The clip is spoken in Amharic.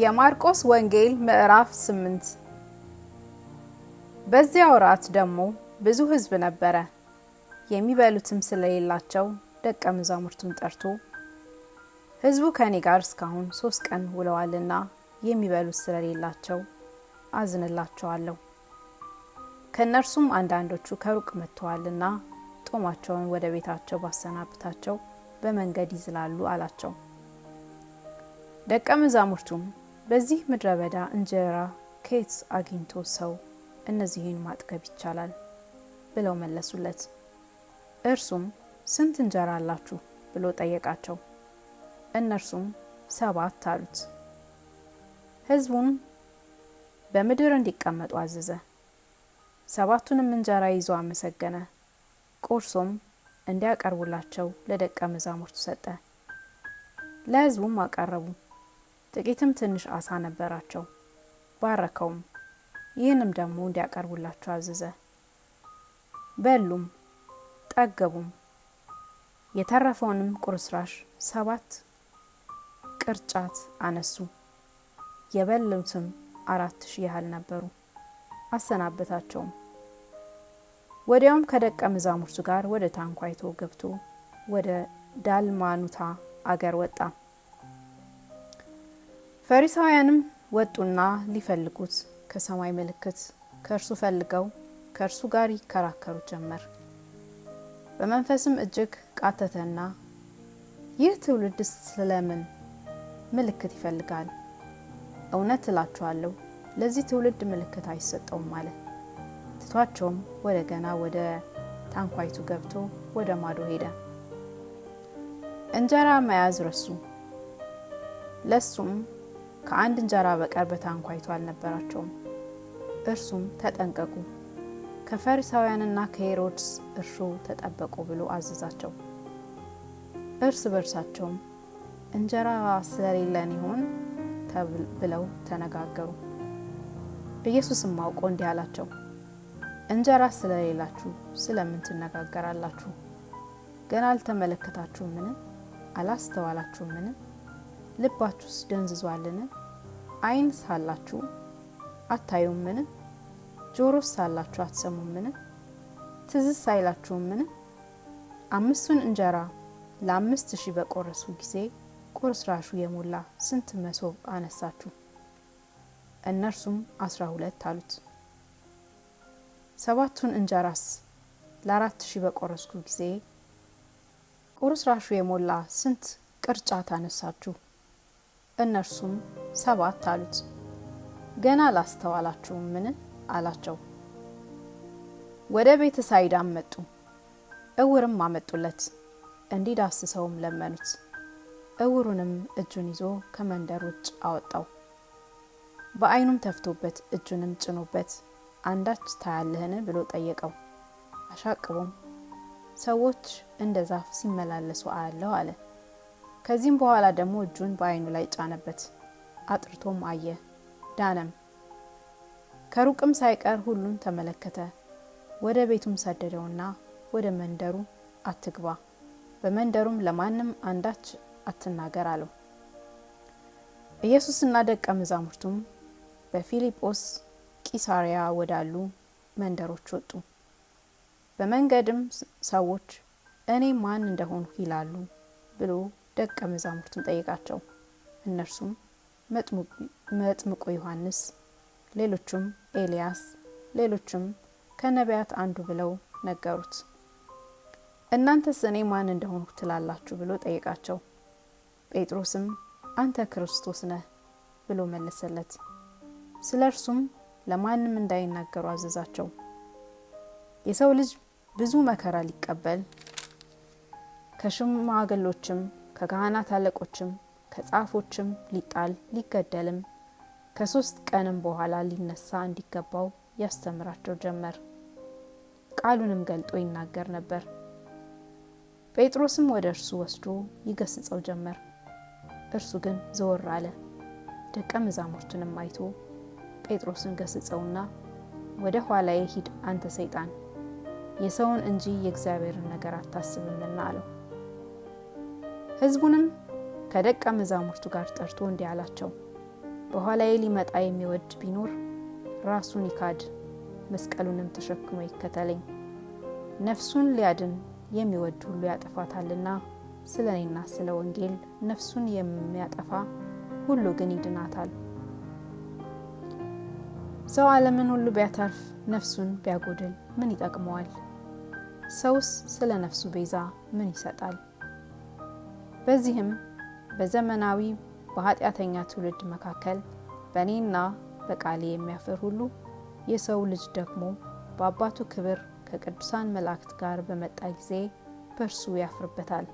የማርቆስ ወንጌል ምዕራፍ 8 በዚያ ወራት ደግሞ ብዙ ሕዝብ ነበረ። የሚበሉትም ስለሌላቸው ደቀ መዛሙርቱን ጠርቶ ሕዝቡ ከእኔ ጋር እስካሁን ሶስት ቀን ውለዋልና የሚበሉት ስለሌላቸው አዝንላቸዋለሁ። ከእነርሱም አንዳንዶቹ ከሩቅ መጥተዋልና ጦማቸውን ወደ ቤታቸው ባሰናብታቸው በመንገድ ይዝላሉ አላቸው። ደቀ መዛሙርቱም በዚህ ምድረ በዳ እንጀራ ከየት አግኝቶ ሰው እነዚህን ማጥገብ ይቻላል? ብለው መለሱለት። እርሱም ስንት እንጀራ አላችሁ? ብሎ ጠየቃቸው። እነርሱም ሰባት አሉት። ሕዝቡም በምድር እንዲቀመጡ አዘዘ። ሰባቱንም እንጀራ ይዞ አመሰገነ፣ ቆርሶም እንዲያቀርቡላቸው ለደቀ መዛሙርቱ ሰጠ። ለሕዝቡም አቀረቡ። ጥቂትም ትንሽ አሳ ነበራቸው። ባረከውም፣ ይህንም ደግሞ እንዲያቀርቡላቸው አዘዘ። በሉም ጠገቡም። የተረፈውንም ቁርስራሽ ሰባት ቅርጫት አነሱ። የበሉትም አራት ሺህ ያህል ነበሩ። አሰናበታቸውም። ወዲያውም ከደቀ መዛሙርቱ ጋር ወደ ታንኳይቶ ገብቶ ወደ ዳልማኑታ አገር ወጣ። ፈሪሳውያንም ወጡና ሊፈልጉት ከሰማይ ምልክት ከእርሱ ፈልገው ከእርሱ ጋር ይከራከሩ ጀመር። በመንፈስም እጅግ ቃተተና ይህ ትውልድ ስለምን ምልክት ይፈልጋል? እውነት እላችኋለሁ ለዚህ ትውልድ ምልክት አይሰጠውም አለ። ትቷቸውም ወደ ገና ወደ ታንኳይቱ ገብቶ ወደ ማዶ ሄደ። እንጀራ መያዝ ረሱ። ለሱም ከአንድ እንጀራ በቀር በታንኳይቱ አልነበራቸውም። እርሱም ተጠንቀቁ፣ ከፈሪሳውያንና ከሄሮድስ እርሾ ተጠበቁ ብሎ አዘዛቸው። እርስ በርሳቸውም እንጀራ ስለሌለን ይሆን ብለው ተነጋገሩ። ኢየሱስም አውቆ እንዲህ አላቸው፣ እንጀራ ስለሌላችሁ ስለምን ትነጋገራላችሁ? ገና አልተመለከታችሁምን? አላስተዋላችሁምን? ልባችሁስ ደንዝዟልን? አይን ሳላችሁ አታዩምን? ጆሮስ ሳላችሁ አትሰሙምን? ትዝስ ሳይላችሁምን? አምስቱን እንጀራ ለአምስት ሺህ በቆረሱ ጊዜ ቁርስራሹ የሞላ ስንት መሶብ አነሳችሁ? እነርሱም አስራ ሁለት አሉት። ሰባቱን እንጀራስ ለአራት ሺህ በቆረስኩ ጊዜ ቁርስራሹ የሞላ ስንት ቅርጫት አነሳችሁ? እነርሱም ሰባት አሉት። ገና አላስተዋላችሁም ምን አላቸው። ወደ ቤተ ሳይዳም መጡ። እውርም አመጡለት፣ እንዲዳስሰውም ለመኑት። እውሩንም እጁን ይዞ ከመንደር ውጭ አወጣው። በዓይኑም ተፍቶበት እጁንም ጭኖበት አንዳች ታያለህን ብሎ ጠየቀው። አሻቅቦም ሰዎች እንደ ዛፍ ሲመላለሱ አያለሁ አለ። ከዚህም በኋላ ደግሞ እጁን በአይኑ ላይ ጫነበት፣ አጥርቶም አየ፣ ዳነም። ከሩቅም ሳይቀር ሁሉን ተመለከተ። ወደ ቤቱም ሰደደውና ወደ መንደሩ አትግባ፣ በመንደሩም ለማንም አንዳች አትናገር አለው። ኢየሱስና ደቀ መዛሙርቱም በፊልጶስ ቂሳሪያ ወዳሉ መንደሮች ወጡ። በመንገድም ሰዎች እኔ ማን እንደሆንሁ ይላሉ ብሎ ደቀ መዛሙርቱን ጠይቃቸው። እነርሱም መጥምቁ ዮሐንስ፣ ሌሎቹም ኤልያስ፣ ሌሎቹም ከነቢያት አንዱ ብለው ነገሩት። እናንተስ እኔ ማን እንደሆንኩ ትላላችሁ ብሎ ጠይቃቸው። ጴጥሮስም አንተ ክርስቶስ ነህ ብሎ መለሰለት። ስለ እርሱም ለማንም እንዳይናገሩ አዘዛቸው። የሰው ልጅ ብዙ መከራ ሊቀበል ከሽማግሎችም ከካህናት አለቆችም ከጻፎችም ሊጣል ሊገደልም ከሶስት ቀንም በኋላ ሊነሳ እንዲገባው ያስተምራቸው ጀመር። ቃሉንም ገልጦ ይናገር ነበር። ጴጥሮስም ወደ እርሱ ወስዶ ይገስጸው ጀመር። እርሱ ግን ዘወር አለ። ደቀ መዛሙርቱንም አይቶ ጴጥሮስን ገስጸውና ወደ ኋላዬ ሂድ አንተ ሰይጣን፣ የሰውን እንጂ የእግዚአብሔርን ነገር አታስብምና አለው። ህዝቡንም ከደቀ መዛሙርቱ ጋር ጠርቶ እንዲህ አላቸው፣ በኋላዬ ሊመጣ የሚወድ ቢኖር ራሱን ይካድ፣ መስቀሉንም ተሸክሞ ይከተለኝ። ነፍሱን ሊያድን የሚወድ ሁሉ ያጠፋታልና፣ ስለ እኔና ስለ ወንጌል ነፍሱን የሚያጠፋ ሁሉ ግን ይድናታል። ሰው ዓለምን ሁሉ ቢያተርፍ ነፍሱን ቢያጎድል ምን ይጠቅመዋል? ሰውስ ስለ ነፍሱ ቤዛ ምን ይሰጣል? በዚህም በዘመናዊ በኃጢአተኛ ትውልድ መካከል በእኔና በቃሌ የሚያፍር ሁሉ የሰው ልጅ ደግሞ በአባቱ ክብር ከቅዱሳን መላእክት ጋር በመጣ ጊዜ በእርሱ ያፍርበታል።